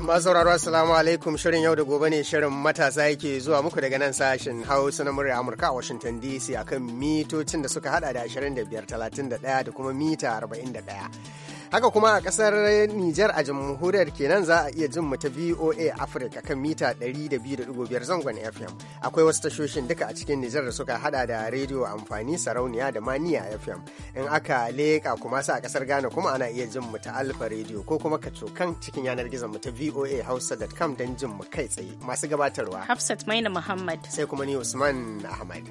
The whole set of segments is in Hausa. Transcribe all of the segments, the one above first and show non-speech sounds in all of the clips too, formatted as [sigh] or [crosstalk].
masauraro assalamu alaikum shirin yau da gobe ne shirin matasa yake zuwa muku daga nan sashen hausa na murya amurka a washington dc akan mitocin da suka hada da 25 31 da kuma mita 41 Haka kuma a kasar Nijar a jamhuriyar kenan za a iya jin mu ta VOA Africa kan mita 102.5 zangon FM. Akwai wasu tashoshin duka a cikin Nijar da suka hada da rediyo amfani sarauniya da maniya FM. In aka leka kuma sa a kasar Ghana kuma ana iya jin mu ta Alfa rediyo ko kuma ka cokan cikin yanar gizon mu ta VOA Hausa.com don jin mu kai tsaye. Masu gabatarwa. Hafsat Maina Muhammad. Sai kuma ni Usman Ahmad.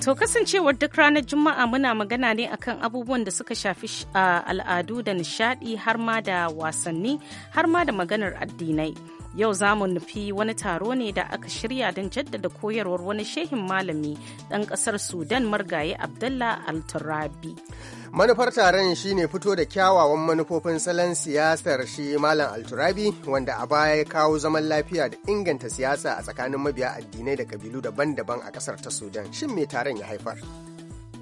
To kasancewar duk ranar Juma'a muna magana ne akan abubuwan da suka shafi al'adu da nishadi har ma da wasanni har ma da maganar addinai. Yau za mu nufi wani taro ne da aka shirya don jaddada koyarwar wani shehin malami ɗan ƙasar Sudan margaye Abdullah alturabi manufar taron shine fito da kyawawan manufofin salon siyasar shi malam alturabi wanda a baya ya kawo zaman lafiya da inganta siyasa a tsakanin mabiya addinai da kabilu daban-daban a ƙasar ta sudan shin me taron ya haifar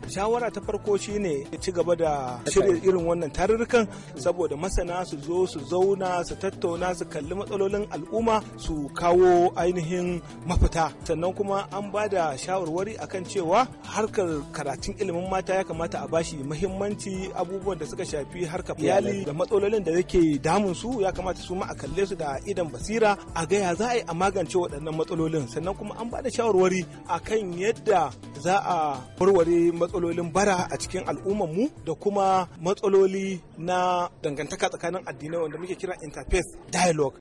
shawara ta farko shi shine ci gaba da shirya irin wannan tarurrukan saboda masana su zo su zauna su tattauna su kalli matsalolin al'umma su kawo ainihin mafita sannan kuma an ba da shawarwari akan cewa harkar karatun ilimin mata ya kamata a bashi muhimmanci abubuwan da suka shafi harkar iyali da matsalolin da yake damun su ya kamata su ma a kalle su da idan basira a gaya za a yi a magance waɗannan matsalolin sannan kuma an ba da shawarwari akan yadda za a warware matsalolin bara a cikin al'ummar mu da kuma matsaloli na dangantaka tsakanin addinai wanda muke kira interfaith dialogue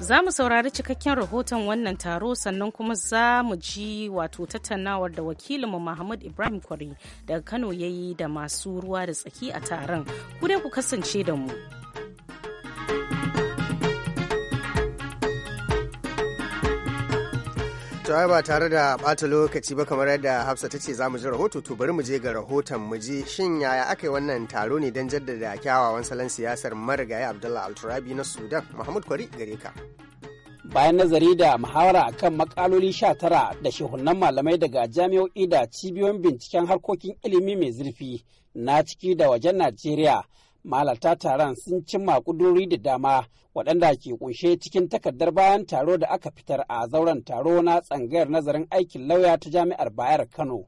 za mu saurari cikakken rahoton wannan taro sannan kuma za mu ji wato tattaunawar da wakilinmu Muhammad Ibrahim Kwari daga Kano ya yi da masu ruwa da tsaki a taron. Ku dai ku kasance da mu. To ba tare da bata lokaci ba kamar yadda Hafsa ta ce za mu ji rahoto to bari mu je ga rahoton mu ji shin yaya aka yi wannan taro ne don jaddada kyawawan salon siyasar marigayi Abdullah Alturabi na Sudan Muhammad Kwari gare ka. Bayan nazari da muhawara akan makaloli tara da shehunan malamai daga jami'o'i da cibiyoyin binciken harkokin ilimi mai zurfi na ciki da wajen Najeriya malata taron sun cimma kuduri da dama waɗanda ke kunshe cikin takardar bayan taro da aka fitar a zauren taro na tsangayar nazarin aikin lauya ta jami'ar bayar kano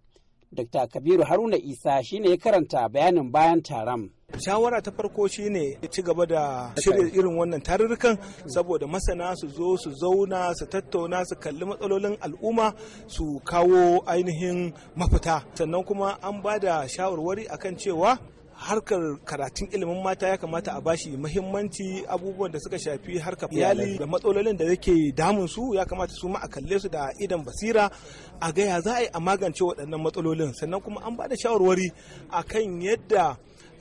dr kabiru haruna isa shine ya karanta bayanin bayan taron shawara ta farko shine ci gaba da shirya irin wannan tarurrukan saboda masana su zo su zauna su tattauna su kalli matsalolin al'umma su kawo ainihin mafita sannan kuma an ba da shawarwari akan cewa harkar karatun ilimin mata ya kamata a bashi muhimmanci abubuwan da suka shafi harkar iyali da matsalolin da yake damun su ya kamata su ma a kalle su da idan basira a gaya za a yi a magance waɗannan matsalolin sannan kuma an ba da shawarwari a kan yadda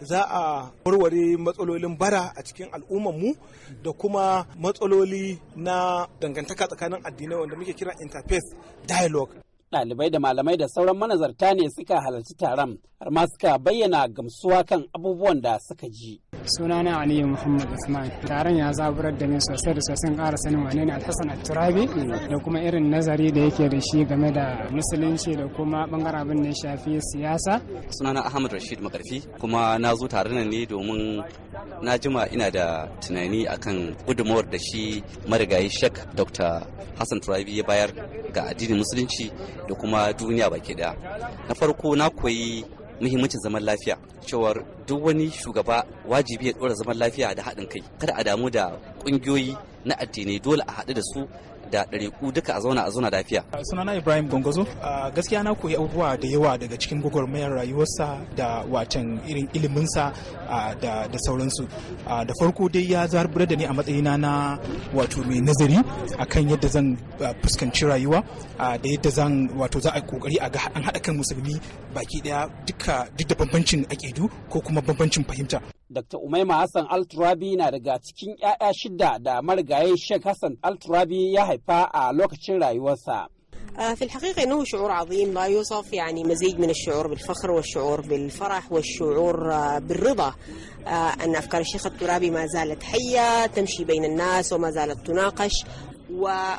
za a warware matsalolin bara a cikin al'ummarmu da kuma matsaloli na dangantaka tsakanin addinai wanda muke kira interfaith dialogue ɗalibai da malamai da sauran manazarta ne suka halarci taron har ma suka bayyana gamsuwa kan abubuwan da suka ji. sunana aliyu muhammad usman taron ya zaburar da ni sosai da sosai kara sanin wane ne alhassan turabi da kuma irin nazari da yake da shi game da musulunci da kuma bangaren abin da ya shafi siyasa sunana ahmad rashid makarfi kuma na zo taron ne domin na jima ina da tunani akan gudunmawar da shi marigayi shek dr hassan turabi ya bayar ga addinin musulunci da kuma duniya baki daya na farko na koyi muhimmancin zaman lafiya cewar duk wani shugaba wajibi ya dora zaman lafiya da haɗin kai kada a damu da ƙungiyoyi na addinai dole a haɗu da su da ɗariƙu duka a zauna a zauna lafiya. sunana ibrahim gongozo gaskiya na koyi abubuwa da yawa daga cikin gwagwarmayar rayuwarsa da watan irin iliminsa da sauransu da farko dai ya zarbar da ni a matsayina na wato mai nazari akan yadda zan fuskanci rayuwa da yadda zan wato za a kokari a ga an haɗa kan musulmi baki ɗaya duka duk da bambancin aƙidu ko kuma bambancin fahimta Dr. Umaima Hassan Alturabi na daga cikin 'ya'ya shida da marigayi Sheikh Hassan Alturabi ya haifa a lokacin rayuwarsa. آه، في الحقيقة أنه شعور عظيم لا يوصف يعني مزيج من الشعور بالفخر والشعور بالفرح والشعور آه، بالرضا آه، أن أفكار الشيخ الترابي ما زالت حية تمشي بين الناس وما زالت تناقش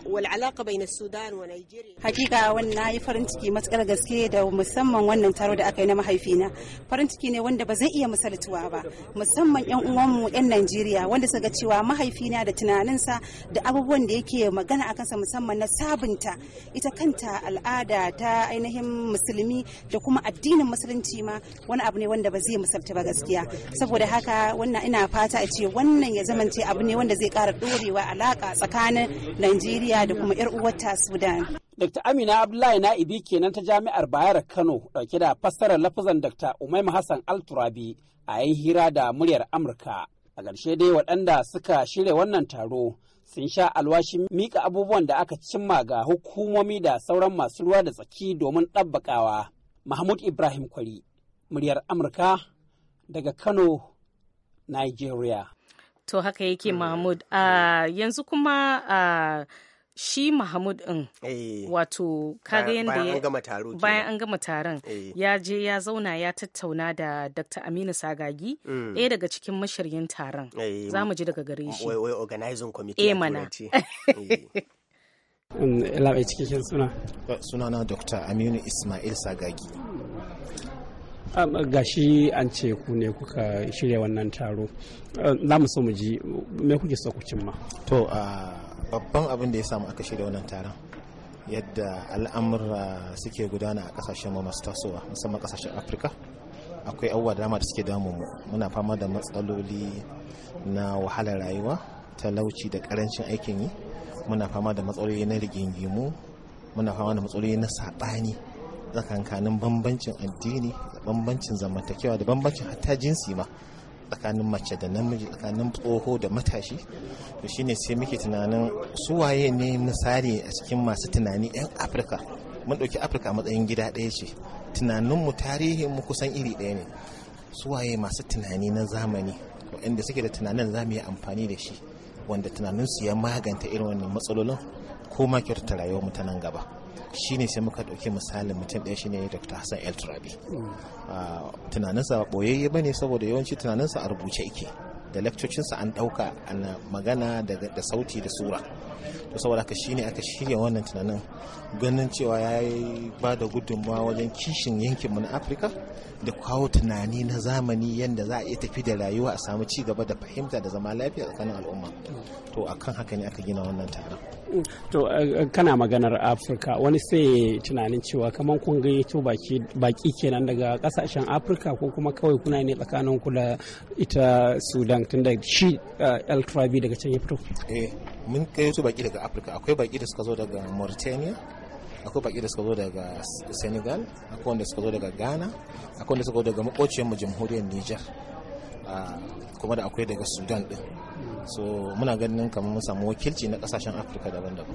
والعلاقه بين السودان ونيجيريا حقيقه wannan yi farin ciki matsakar gaske da musamman wannan taro da aka yi na mahaifina farin ciki ne wanda ba zai iya misaltuwa ba musamman yan uwanmu yan Najeriya wanda su ga cewa mahaifina da tunaninsa da abubuwan da yake magana a kansa musamman na sabunta ita kanta al'ada ta ainihin musulmi da kuma addinin musulunci ma wani abu ne wanda ba zai misalta ba gaskiya saboda haka wannan ina fata a ce wannan ya zamance abu ne wanda zai kara dorewa alaka tsakanin Najeriya da kuma 'yar uwata Sudan. Dr. Amina Abdullahi Na'ibi kenan ta Jami'ar Bayar Kano dauke da fassarar lafazan Dr. umaimu Hassan Alturabi a yin hira da muryar Amurka. A ƙarshe dai waɗanda suka shirya wannan taro sun sha alwashin mika abubuwan da aka cimma ga hukumomi da sauran masu ruwa da tsaki domin ɗabbakawa. Mahmud Ibrahim Kwari, muryar Amurka daga Kano, Nigeria. to haka yake mm. mahmud uh, yanzu kuma uh, shi mahmud din eh. wato kare yadda bayan an gama taron eh. ya je ya zauna ya tattauna da dr aminu sagagi mm. ɗaya daga cikin mashiryin taron eh, za mu ji daga gare shi wai organizing committee mana labai [laughs] cikin suna sunana dr aminu ismail sagagi shi an ce ku ne kuka shirya wannan taro za mu so mu ji me kuke so ku cimma to babban abin da ya samu aka shirya wannan taron yadda al'amura suke gudana a kasashen mu masu tasowa musamman kasashen afirka akwai abubuwa da dama da suke damu mu muna fama da matsaloli na wahalar rayuwa talauci da karancin aikin yi muna fama da matsaloli na rigingimu muna fama da matsaloli na saɓani tsakankanin bambancin addini da bambancin zamantakewa da bambancin hatta jinsi ma tsakanin mace da namiji tsakanin tsoho da matashi to shine sai muke tunanin su waye ne misali a cikin masu tunani 'yan afirka mun ɗauki afirka matsayin gida ɗaya ce tunaninmu mu kusan iri ɗaya ne su waye masu tunani na zamani waɗanda suke da tunanin za mu yi amfani da shi wanda tunaninsu ya maganta irin wannan matsalolin ko ma kyautata rayuwar mu ta nan gaba Shi ne sai muka ɗauki misalin mutum ɗaya shine dr hassan el turabi ah, tunaninsa ɓoyayye ba ne saboda yawanci tunaninsa a rubuce yake da lekcocinsa an ɗauka ana magana da sauti da sura to saboda haka shine aka shirya wannan tunanin ganin cewa ya yi ba da gudunmawa wajen kishin yankin mu na afirka da kawo tunani na zamani yadda za a iya tafi da rayuwa a samu ci gaba da fahimta da zama lafiya tsakanin al'umma to akan haka ne aka gina wannan taron to eh, eh, kana maganar afirka wani sai tunanin cewa kamar kun gayyato baki kenan daga kasashen afirka ko kuma kawai kuna ne tsakanin ku da ita sudan tunda shi eh, el daga can ya fito eh mun gayyato baki baki daga afirka akwai baki da suka zo daga mauritania akwai baki da suka zo daga senegal akwai wanda suka zo daga ghana akwai wanda suka zo daga makociyar mu jamhuriyar niger ah, kuma da akwai daga sudan din so muna ganin kamar mun samu wakilci na kasashen afirka daban-daban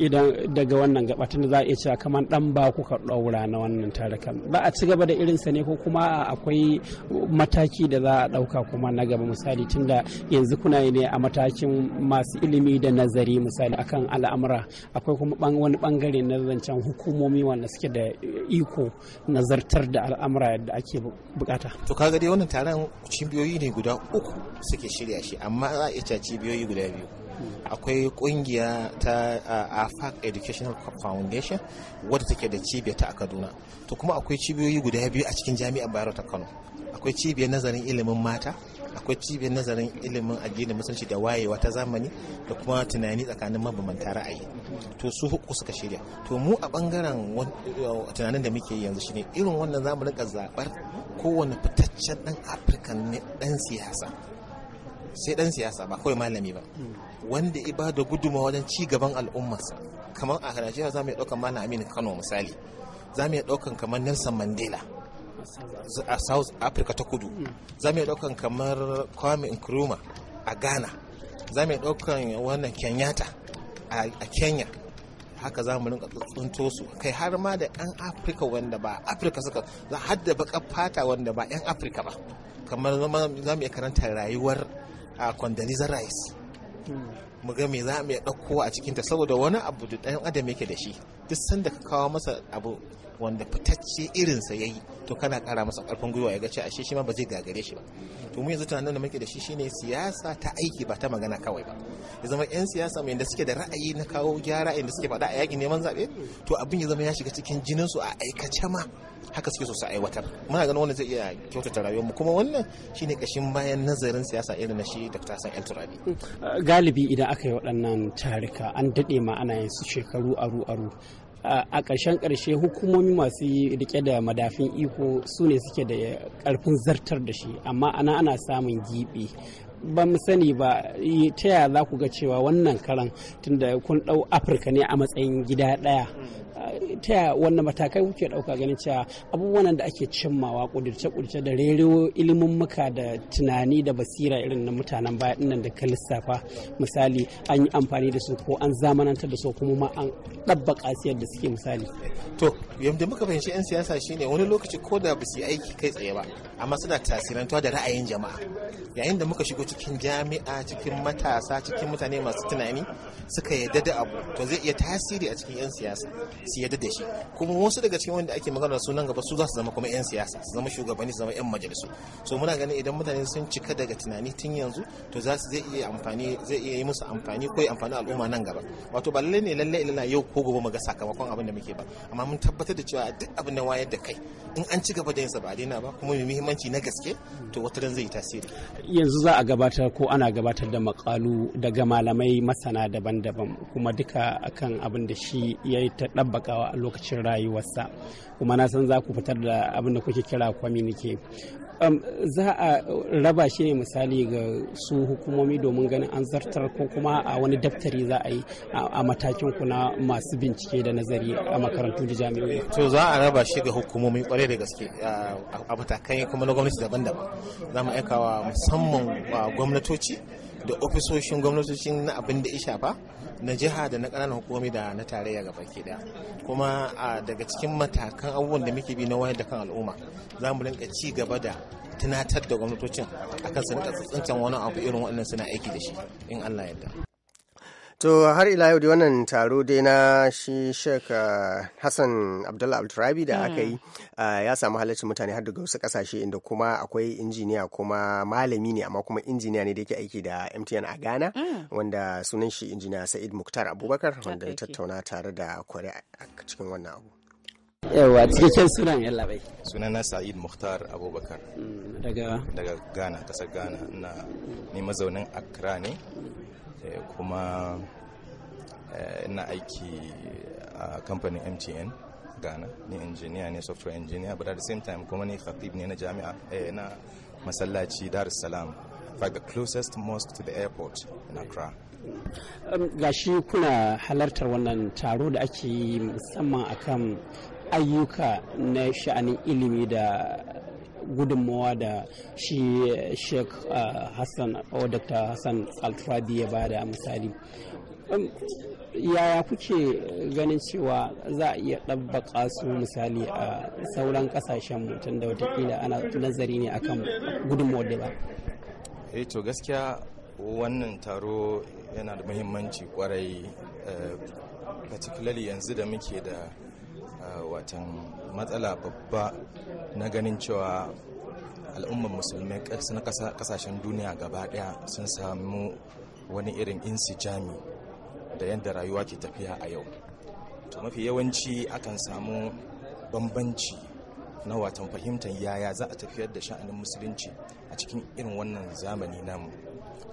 idan daga wannan gabatun da za a iya cewa kamar dan ba kuka ɗaura na wannan tarukan ba a ci gaba da sa ne ko kuma akwai mataki da za a ɗauka kuma na gaba misali tunda yanzu kuna ne a matakin masu ilimi da nazari misali akan al'amura akwai kuma wani bangare na zancen hukumomi wanda suke da iko nazartar da al'amura yadda ake bukata to kaga dai wannan taron cibiyoyi ne guda uku suke shirya shi amma amma za a iya cibiyoyi guda biyu akwai kungiya ta afac educational foundation wadda take da cibiya ta a kaduna to kuma akwai cibiyoyi guda biyu a cikin jami'ar bayero ta kano akwai cibiyar nazarin ilimin mata akwai cibiyar nazarin ilimin addinin musulunci da wayewa ta zamani da kuma tunani tsakanin mabambanta ra'ayi to su uku suka shirya to mu a bangaren tunanin da muke yanzu shine irin wannan zamu rika zabar kowane fitaccen dan afirka ne dan siyasa sai dan siyasa ba kawai malami ba wanda iba da guduma wajen ci gaban al'ummarsa kamar a Najeriya za mu iya ɗaukan malam Aminu Kano misali za mu iya ɗaukan kamar Nelson Mandela a South Africa ta kudu za mu iya ɗaukan kamar Kwame Nkrumah a Ghana za mu iya ɗaukan wannan Kenyatta a Kenya haka za mu rinka tsunto su kai har ma da 'yan afirka wanda ba afirka suka Za hadda baka fata wanda ba 'yan afirka ba kamar za mu iya karanta rayuwar a kwandaliza Rice mu ga me za mu ya ɗauko a cikinta saboda wani abu da ɗan adam yake da shi duk sanda ka kawo masa abu wanda fitacce irinsa ya yi to kana kara masa karfin gwiwa ya ga a ashe shi ma ba zai gagare shi ba to mu yanzu tunanin da muke da shi shine siyasa ta aiki ba ta magana kawai ba ya zama yan siyasa mai da suke da ra'ayi na kawo gyara inda suke faɗa a yakin neman zaɓe to abin ya zama ya shiga cikin jinin su a aikace ma haka suke so su aiwatar muna ganin wannan zai iya kyautata rayuwarmu kuma wannan shine kashin bayan nazarin siyasa irin na shi da ta san Turabi galibi idan aka yi waɗannan tarika an daɗe ma ana yin su shekaru aru aru a ƙarshen ƙarshe hukumomi masu rike da madafin iko su ne suke da ƙarfin zartar da shi amma ana ana samun giɓi ba sani ba ta yaya za ku ga cewa wannan karan tunda kun ɗau afirka ne a matsayin gida ɗaya ta wannan matakai kuke ɗauka ganin cewa abubuwan da ake cimmawa kudirce kudirce da rero ilimin muka da tunani da basira irin na mutanen baya nan da ka lissafa misali an yi amfani da su ko an zamanantar da su kuma ma an ɗabbaka kasiyar da suke misali. To yadda muka fahimci 'yan siyasa shine wani lokaci ko da ba su yi aiki kai tsaye ba amma suna tasirantuwa da ra'ayin jama'a yayin da muka shigo cikin jami'a cikin matasa cikin mutane masu tunani suka yadda da abu to zai iya tasiri a cikin 'yan siyasa su da shi kuma wasu daga cikin wanda ake magana sunan gaba su za su zama kuma 'yan siyasa su zama shugabanni su zama 'yan majalisu so muna ganin idan mutane sun cika daga tunani tun yanzu to za su zai iya amfani zai iya yi musu amfani ko amfani al'umma nan gaba wato ba lallai ne lallai ilana yau ko gobe mu ga sakamakon abin da muke ba amma mun tabbatar da cewa duk abin da wayar da kai in an ci gaba da yin sa ba daina ba kuma mai muhimmanci na gaske to wata ran zai yi tasiri yanzu za a gabatar ko ana gabatar da makalu daga malamai masana daban-daban kuma duka akan abin da shi ya yi ta ɗabakawa a lokacin rayuwarsa kuma na san za ku fitar da abin da kuke kira kwaminike um, za a raba shi ne misali ga su hukumomi domin ganin an zartar ko kuma a wani daftari za a yi a matakin ku na masu bincike da nazari a makarantu da jami'o'i to za a raba shi ga hukumomi kwarai da gaske a matakai kuma na gwamnati daban-daban za mu aikawa musamman gwamnatoci da ofisoshin gwamnatocin na abin da ya shafa na jiha da na ƙananan hukumomi da na tarayya gaba ke daya kuma daga cikin matakan abubuwan da muke bi na wayar da kan al'umma za mu rinka ci gaba da tunatar da gwamnatocin akan su rinka tsantsan wani abu irin waɗannan suna aiki da shi in Allah yarda To har ila yau da wannan taro dai na shi Sheikh uh, Hassan Abdullah Abdulrabi da aka hmm. yi uh, ya samu halarci mutane har daga wasu kasashe inda kuma akwai injiniya kuma malami ne amma kuma injiniya ne da yake aiki da MTN a Ghana hmm. wanda sunan shi injiniya Sa'id Muktar Abubakar wanda ya tattauna tare da kware a cikin wannan abu. yawa cikakken sunan bai sunan sunana sa'id muhtar abubakar hmm, daga ghana kasar ghana na ne mazaunin accra ne Eh, kuma eh, ina aiki a kamfanin mtn ghana ni injiniya ne software engineer but at the same time kuma ni khatib ne na jami'a eh, na masallaci dar es salaam in fact the closest mosque to the airport in accra um, gashi kuna halartar wannan taro da ake yi musamman akan ayyuka na sha'anin ilimi da gudunmawa da shi eh, sheikh eh, hassan oh, dr hassan altrabi ya bada misali um, yaya kuke ganin cewa za a iya ɗabbaƙa su misali a sauran ƙasashen mutum da watakila ana nazari ne akan gudunmawa da ba E to gaskiya wannan taro yana da muhimmanci kwarai particularly yanzu da muke da Eh, watan matsala babba na ganin cewa al'ummar musulmai na kasashen duniya gaba daya sun samu wani irin insijami da yadda rayuwa ke tafiya a yau to mafi yawanci akan samu bambanci na watan fahimtar yaya za a tafiyar da sha'anin musulunci a cikin irin wannan zamani namu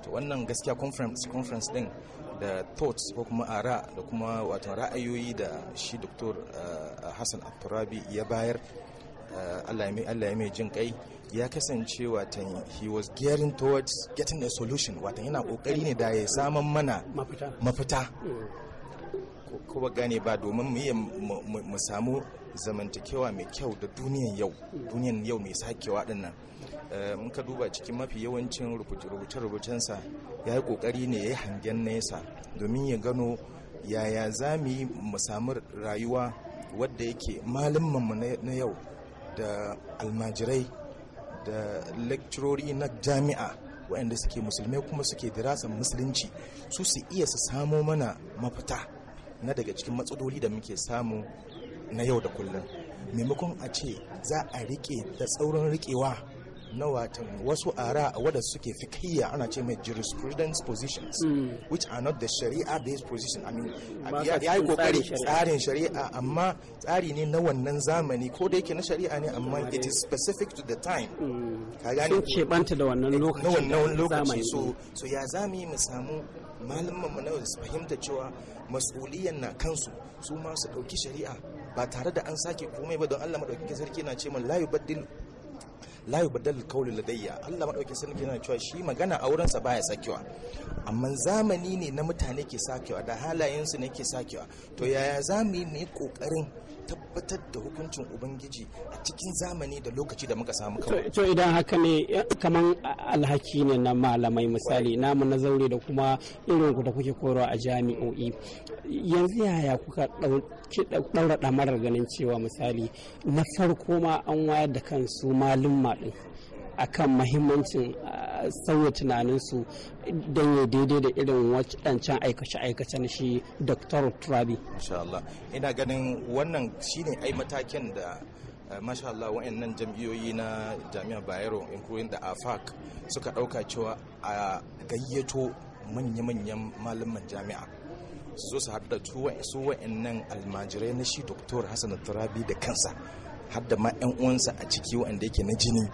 to wannan gaskiya conference conference din da thoughts ko kuma ara da kuma wato ra'ayoyi da shi doktor eh, Hassan abdurrabi ya bayar eh, Allah ya mai jin kai ya kasance watan he was gearing towards getting a solution watan yana kokari ne da ya saman mana mafita kuma mm. gane ba domin mu samu zamantakewa mai kyau da duniyan yau mm. duniyan yau mai sakewa dinnan Eh, mun ka duba cikin mafi yawancin rubuce-rubucensa ya yi kokari ne ya yi hangen nesa domin ya gano yaya za mu yi mu samu rayuwa wadda yake mu na yau da almajirai da lecturori na jami'a waɗanda suke musulmai kuma suke dirasa musulunci su su iya su samo mana mafita na daga cikin matsaloli da muke samu na yau da kullum maimakon a ce za a rike da tsaurin rikewa na watan wasu ara wadda suke fikiyya ana ce mai jurisprudence positions hmm. which are not the sharia based position i mean ya yi kokari tsarin shari'a amma tsari ne na wannan zamani ko da yake na shari'a ne amma it is specific to the time hmm. ka gani ce banta da wannan lokaci na wannan lokaci so so ya zami mu samu malaman mu na fahimta cewa mas'uliyan na kansu su ma su dauki shari'a ba tare da an sake komai ba don Allah madaukakin sarki na ce man la yubaddil la badal kauli ladayya Allah madaukakin sarki yana cewa shi magana a wurinsa baya sakewa amma zamani ne na mutane ke sakewa da halayensu ne ke sakewa to yaya zamu yi mu kokarin tabbatar da hukuncin ubangiji a cikin zamani da lokaci da muka samu kawai to idan haka ne kaman alhaki ne na malamai misali namu na zaure da kuma irin ku da kuke koyarwa a jami'o'i yanzu yaya kuka ɗaura ɗamarar ganin cewa misali na farko ma an wayar da kansu malumma a akan mahimmancin sauya tunaninsu don ya daidai da irin waɗancan aikace-aikace na shi dr turabi Allah ina ganin wannan shine ai matakin da eh, masha Allah wa'annan jam'iyoyi na jami'ar bayero including da afac suka ɗauka cewa a gayyato manya-manyan malaman jami'a su zo su haɗu da su wa'annan almajirai na shi dr hassan turabi da kansa har da ma 'yan uwansa a ciki wanda yake na jini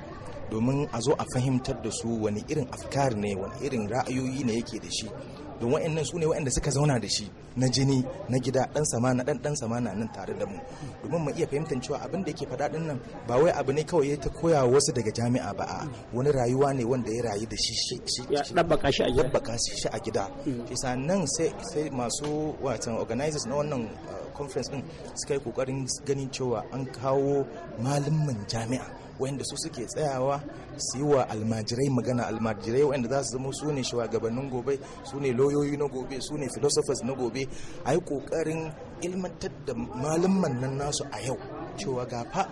domin a zo a fahimtar da su wani irin afkar ne wani irin ra'ayoyi ne yake da shi don wa'annan su ne wa'anda suka zauna da shi na jini na gida dan samana dan dan samana nan tare da mu domin mu iya fahimtar cewa abin da yake faɗa din nan ba wai abu ne kawai ya ta koya wasu daga jami'a ba a wani rayuwa ne wanda ya rayu da shi ya dabbaka shi a gida dabbaka shi a gida kisa hmm. nan sai sai masu wato organizers na wannan uh, conference din suka yi kokarin ganin cewa an kawo malamin jami'a wanda su suke tsayawa su yi wa almajirai magana almajirai wanda za su zama su ne shugabannin gobe su ne lauyoyi na gobe su ne philosophers na gobe a yi ƙoƙarin ilmantar da malaman nan nasu a yau cewa gafa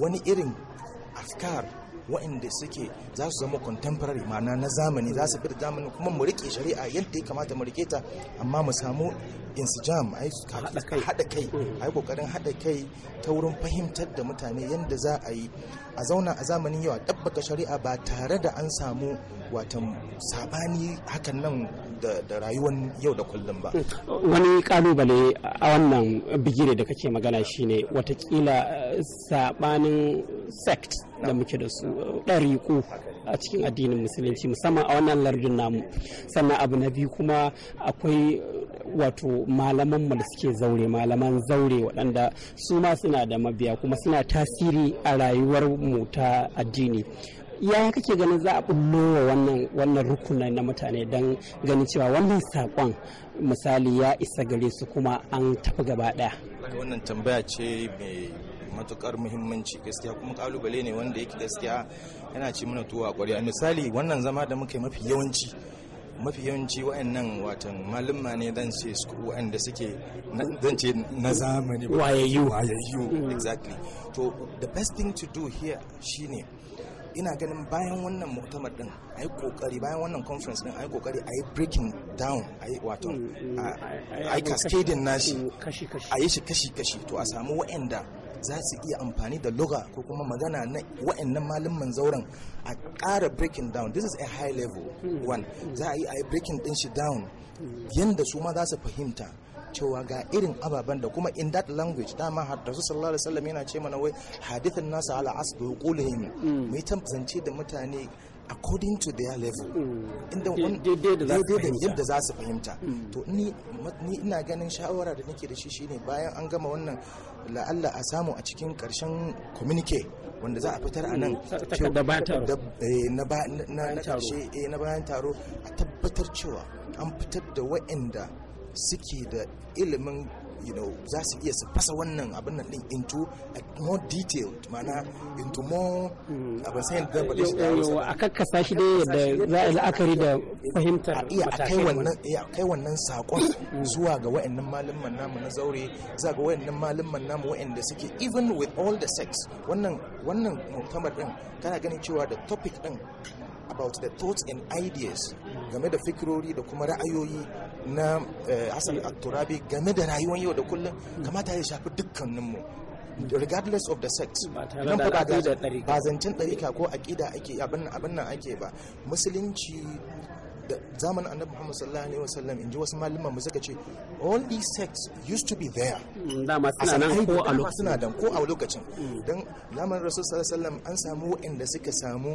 wani irin afkar waɗanda suke za su zama contemporary ma'ana na zamani za su fi da zamani kuma mu rike shari'a yadda ya kamata mu rike ta amma mu samu insijam a haɗa kai a yi ƙoƙarin haɗa kai ta wurin fahimtar da mutane yadda za a yi a zauna a zamanin yawa a ɗabbaka shari'a ba tare da an samu watan sabani hakan nan da rayuwar yau da kullum ba wani kalubale a wannan bigire da kake magana shine watakila eh, sabanin sect da muke da su ɗariƙu a cikin addinin musulunci musamman a wannan lardin namu sannan abu na biyu kuma akwai eh, wato malaman mu da suke zaure malaman zaure waɗanda su ma suna da mabiya kuma suna tasiri a rayuwar mu ta addini yaya kake ganin za a bullo wa wannan rukuna na mutane don ganin cewa wannan saƙon misali ya isa gare su kuma an tafi gaba ɗaya wannan tambaya ce mai matukar muhimmanci gaskiya kuma kalubale ne wanda yake gaskiya yana ci mana tuwa a misali wannan zama da muka yi mafi yawanci mafi yawanci wa'annan watan malumma ne dan ce wa'anda suke zan ce na zamani wayayyu wayayyu mm. exactly to the best thing to do here shine ina ganin bayan wannan mu'tamar din a yi kokari bayan wannan conference din a yi kokari a yi breaking down a yi wato mm, mm, a yi cascading nashi mm, a yi shi kashi-kashi to a samu wa'anda za su iya amfani da loga ko kuma magana na wa'annan malin zauren a ƙara breaking down this is a high level one za a yi a yi breaking din shi down yadda su ma za su fahimta cewa ga irin ababen da kuma in that language dama su sallallahu alaihi wasallam yana ce mana wai hadithin nasu ala asdu qulihim mai mm. tantance da mutane according to their level mm. inda daidai yadda za su fahimta mm. to ni ina ganin shawara da nake da shi shine bayan an gama wannan la'alla a samu a cikin karshen communique wanda za a fitar a nan na bayan taro a tabbatar cewa an fitar da wa'anda suke da ilimin you know za su iya su fasa wannan abin nan din into a more detailed mana into more hmm. abin sai da ba shi da yawa a kakkasa shi dai yadda za a la'akari da fahimtar a iya a kai wannan a kai wannan sakon hmm. zuwa ga wayannan malaman namu na zaure za ga wayannan malaman namu wayanda suke even with all the sex wannan wannan muktamar din kana ganin cewa da topic din about the thoughts and ideas game da fikirori da kuma ra'ayoyi na eh, hassan turabi game da rayuwar yau da kullum kamata ya shafi dukkaninmu regardless of the sex idan ba zancen ɗarika ko aƙida ake abin nan ake ba musulunci da zamanin annabi Muhammad sallallahu alaihi wasallam in ji wasu malaman mu suka ce all these sects used to be there mm, dama suna nan ko a lokacin suna mm. dan ko a lokacin dan lamarin rasul sallallahu alaihi wasallam an samu wanda suka samu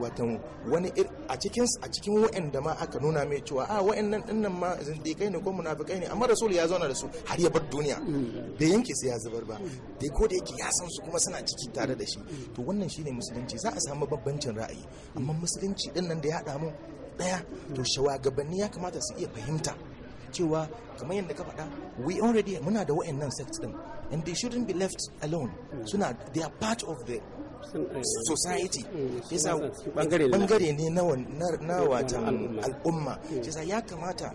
watan wani a cikin a cikin wanda ma aka nuna mai cewa a ah, wa'annan dinnan ma zindikai ne ko munafikai ne amma rasul ya zauna da su har ya bar duniya mm. bai yanke sai ya zubar ba dai ko da yake ya san su kuma suna ciki tare da shi to wannan shine musulunci za a samu babbancin ra'ayi amma musulunci dinnan nan da ya haɗa mu ɗaya to shawagabanni ya kamata su iya fahimta cewa kamar yadda ka faɗa we already muna da wa'annan sex din and they shouldn't be left alone suna they are part of the eh, society mm, mm, yasa bangare ne na wata al'umma mm. yasa ya kamata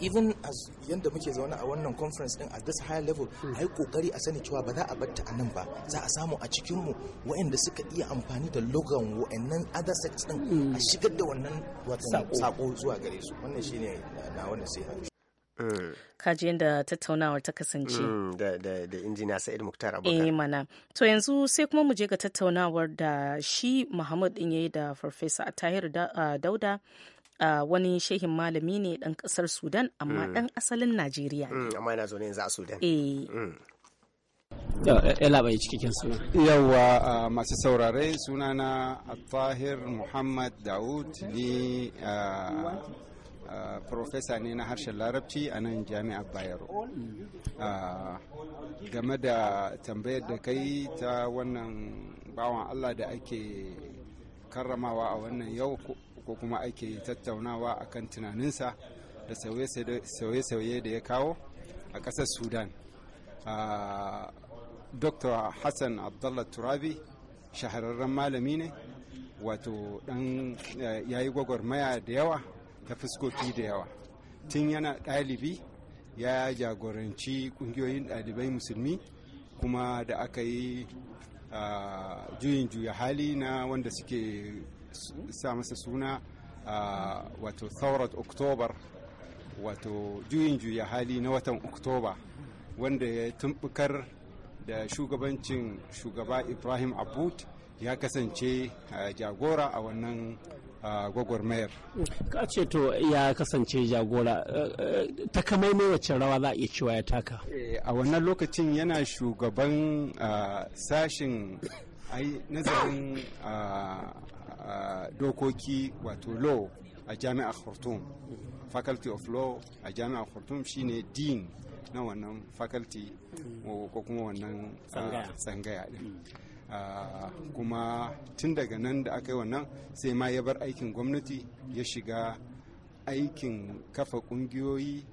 even as yadda muke zaune a wannan conference din at this higher level hmm. a yi kokari a sani cewa ba za a batta a nan ba za a samu a cikinmu waɗanda suka iya amfani da logan wa'annan other sects din hmm. a shigar da wannan sako zuwa gare su wannan shine na wannan sai eh. kaji yadda tattaunawar ta kasance hmm, da injina sa'id muktar abubakar eh mana to yanzu sai kuma mu je ga tattaunawar da shi muhammad din yayi da farfesa tahir ah, dauda Uh, wani shehin malami ne ɗan ƙasar sudan amma mm. ɗan mm. asalin najeriya ne mm, amma yana zaune yanzu a sudan eh mm. labai cikakken suna yawa masu saurare sunana tahir muhammad daud ni profesa ne na harshen larabci a nan jami'ar bayero game da tambayar da kai ta wannan bawan allah da ake karramawa a wannan yau ko kuma ake tattaunawa a kan tunaninsa da sauye-sauye da ya kawo a ƙasar sudan dr hassan abdullah turabi shahararren malami ne wato dan ya yi gwagwarmaya da yawa ta fuskoki da yawa tun yana ɗalibi ya jagoranci ƙungiyoyin ɗalibai musulmi kuma da aka yi juyin juya hali na wanda suke sa masa suna wato thaurat oktobar wato juyin juya hali na watan oktoba wanda ya tumbukar da shugabancin shugaba ibrahim abud ya kasance jagora a wannan gwagwarmayar ka ce to ya kasance jagora takamaimai wacce rawa za a iya cewa ya taka eh, a wannan lokacin yana shugaban sashin nazarin dokoki wato law a jami'ar khartoum faculty of law a jami'ar khartoum shine dean na wannan faculty ko kuma wannan tsangaya din kuma tun daga nan da aka yi wannan sai ma ya bar aikin gwamnati ya shiga aikin kafa kungiyoyi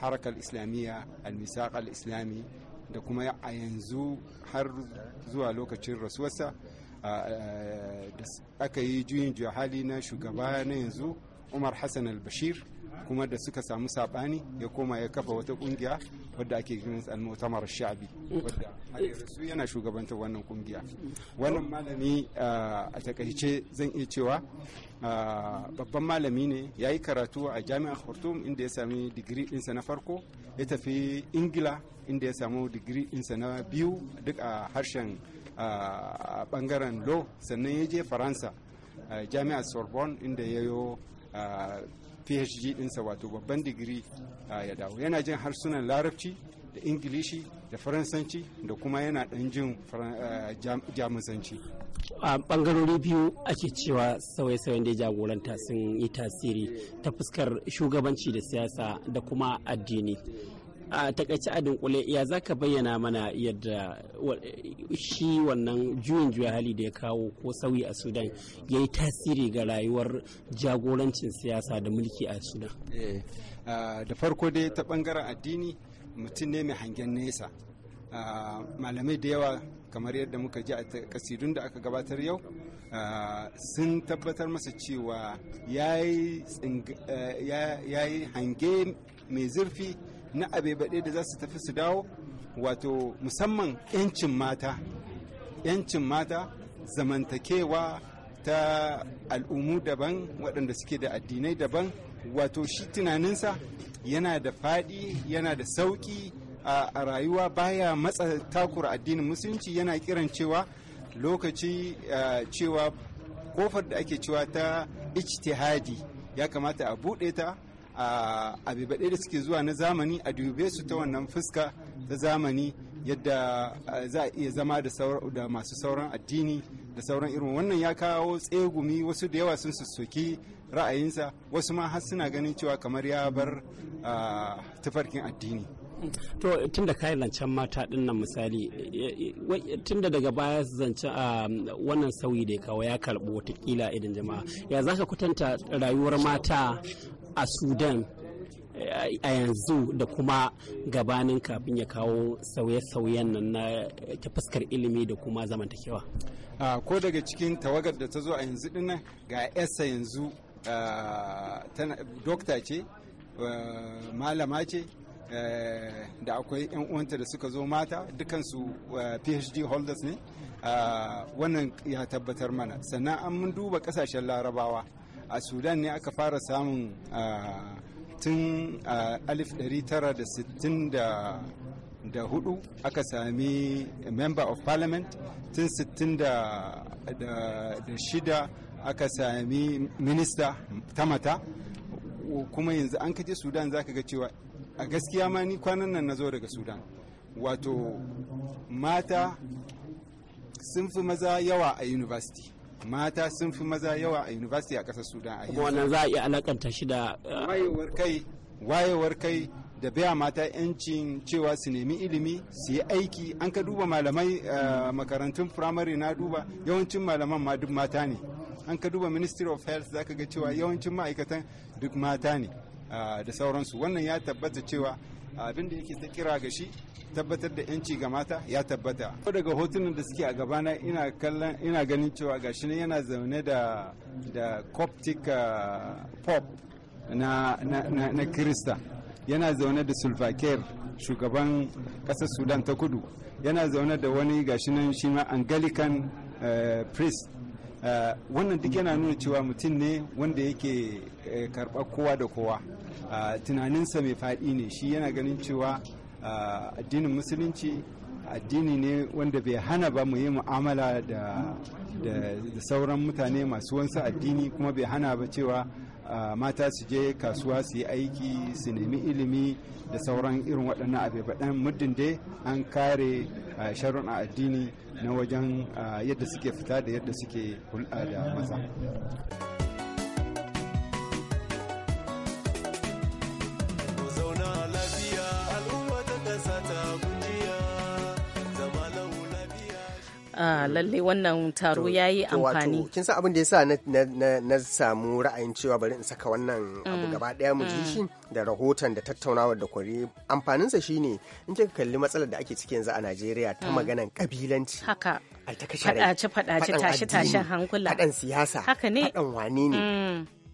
harkar islamiyya al-misaq al-islami da kuma a yanzu har zuwa lokacin rasuwarsa da aka yi juyin juya hali na shugaba na yanzu umar hassan al-bashir kuma da suka samu sabani ya koma ya kafa wata kungiya wadda ake kiran al-mu'tamar sha'bi wadda su yana shugabantar wannan kungiya wannan malami a takaice zan iya cewa babban malami ne ya yi karatu a jami'ar Khartoum inda ya sami digiri ɗinsa na farko ya tafi Ingila inda ya samu digiri ɗinsa na biyu duk a harshen bangaren lo sannan ya je Faransa jami'ar Sorbonne inda ya yi phd dinsa wato babban digiri ya dawo yana jin harsunan larabci da ingilishi da faransanci da kuma yana dan jin jamusanci a bangarori biyu ake cewa sauye-sauyen da jagoranta sun yi tasiri ta fuskar shugabanci da siyasa da kuma addini a takaice a dunkule ya zaka bayyana mana yadda shi wannan juyin juya hali da ya kawo ko sauyi a sudan ya yi tasiri ga rayuwar jagorancin siyasa da mulki a sudan eh, da farko dai ta bangaren addini mutum ne mai hangen nesa malamai da yawa kamar yadda muka ji a kasidun da aka gabatar yau sun tabbatar masa cewa ya yi eh, hange mai zurfi na abebaɗe da za su tafi su dawo wato musamman 'yancin mata 'yancin mata zamantakewa ta al'ummu daban waɗanda suke da addinai daban wato shi tunaninsa yana da faɗi yana da sauƙi a rayuwa baya matsa takura addinin musulunci yana kiran cewa lokaci cewa kofar da ake cewa ta ijtihadi ya kamata a buɗe ta a abibaɗe da suke zuwa na zamani a dube su ta wannan fuska ta zamani yadda za a iya zama da masu sauran addini da sauran irin wannan ya kawo tsegumi wasu da yawa sun sussoki ra'ayinsa wasu ma har suna ganin cewa kamar ya bar tafarkin addini to tun da kayan lancen mata din nan misali tun da daga baya zance a wannan sauyi da ya kawo ya karɓo watakila idan jama'a ya za ka kwatanta rayuwar mata a sudan eh, a yanzu da kuma gabanin kafin ya kawo sauye-sauyen nan na ta fuskar ilimi da kuma zamantakewa ko daga cikin tawagar da ta zo a yanzu dinnan ga yasa yanzu dokta ce malama ce da akwai 'yan uwanta da suka zo mata dukansu phd holders ne wannan ya tabbatar mana sannan an mun duba kasashen larabawa a sudan ne aka fara samun tun a 1964 aka sami member of parliament tun 66 aka sami minista ta mata kuma yanzu an kaje sudan za ka ga cewa a gaskiya ma ni kwanan nan na zo daga sudan wato mata sun fi maza yawa a university mata sun fi maza yawa a university a ƙasar sudan a yanzu wannan za a iya alakanta shi da uh, wayewar kai wayewar kai da biya mata yancin cewa su nemi ilimi su yi aiki an ka duba malamai uh, makarantun firamare na duba yawancin malaman ma duk mata ne an ka duba ministry of health za ka ga cewa yawancin ma'aikatan duk mata ne uh, da sauransu wannan ya tabbata cewa abin da yake ta kira ga shi tabbatar da yanci ga mata ya tabbata ko daga hotunan da suke a gabana ina kallon ina ganin cewa gashi ne yana zaune da da coptic uh, pop na na krista yana zaune da sulfaker shugaban kasar sudan ta kudu yana zaune da wani gashi nan shi ma angelican uh, priest Eh, wannan duk yana nuna cewa mutum ne wanda yake eh, karɓar kowa da kowa eh, tunaninsa mai faɗi ne shi yana ganin cewa addinin musulunci addini ne wanda bai hana ba mu yi mu'amala da sauran mutane masu wansu addini kuma bai hana ba cewa mata su je kasuwa su yi aiki su nemi ilimi da sauran irin waɗannan abubuwan muddin dai an kare sharon addini na wajen ah, yadda suke fita da yadda suke hulɗa da maza. a lalle wannan taro ya yi amfani. Kin san abin da ya sa na samu ra'ayin cewa bari in saka wannan abu mm. gaba daya mu ji mm. shi da rahoton da tattaunawar da kwari amfaninsa shine in kika kalli matsalar da ake ciki yanzu a Najeriya ta mm. maganan kabilanci. Haka. Faɗace faɗace tashe tashen hankula. Faɗan siyasa. Haka ne. Faɗan wane ne.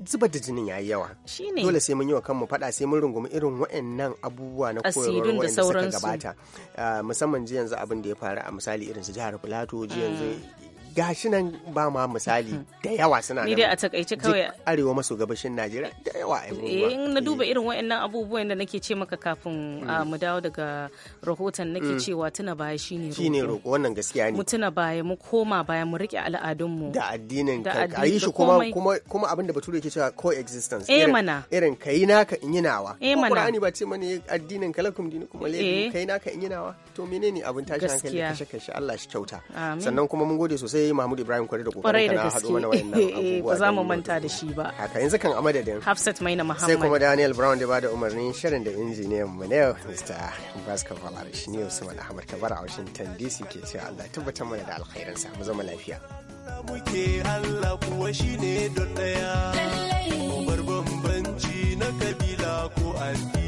zubar da jinin yayi yawa shine dole sai mun yi wa kanmu fada sai mun rungumi irin waɗannan abubuwa na koyarwa da suka gabata ah, musamman ji yanzu abin da ya faru a misali irin su jihar Plateau ji yanzu mm. gashi nan ba ma misali hmm. da yawa suna ni dai a takaice kawai arewa maso gabashin Najeriya da yawa abubuwa eh, in na duba eh. irin waɗannan abubuwan da nake ce maka kafin hmm. ah, mu dawo daga rahoton nake hmm. cewa tuna baya shine roƙo shine roƙo wannan gaskiya ne mu tuna baya mu koma baya mu rike al'adun mu da addinin ka yi shi kuma kuma kuma abinda bature yake cewa coexistence eh mana irin kai naka in yi nawa eh mana Qur'ani ba ce mana addinin kalakum dinukum alaikum eh. kai naka in yi nawa to menene abin tashin hankali kashe kashe Allah shi kyauta sannan kuma mun gode sosai dai Mahmud Ibrahim Kwari da kokarin kana haɗu mana wayannan [laughs] eh, eh, abubuwa. Ba za mu manta da shi ba. Haka yanzu kan amadadin. Hafsat Maina Muhammad. Sai kuma Daniel Brown da bada umarnin shirin da injiniyan mu ne Mr. Baska shi ne Usman Ahmad Kabar a Washington DC ke cewa Allah tabbatar mana da alkhairinsa mu zama lafiya. muke Allah kuwa shine don daya. Bar bambanci na kabila ko addini.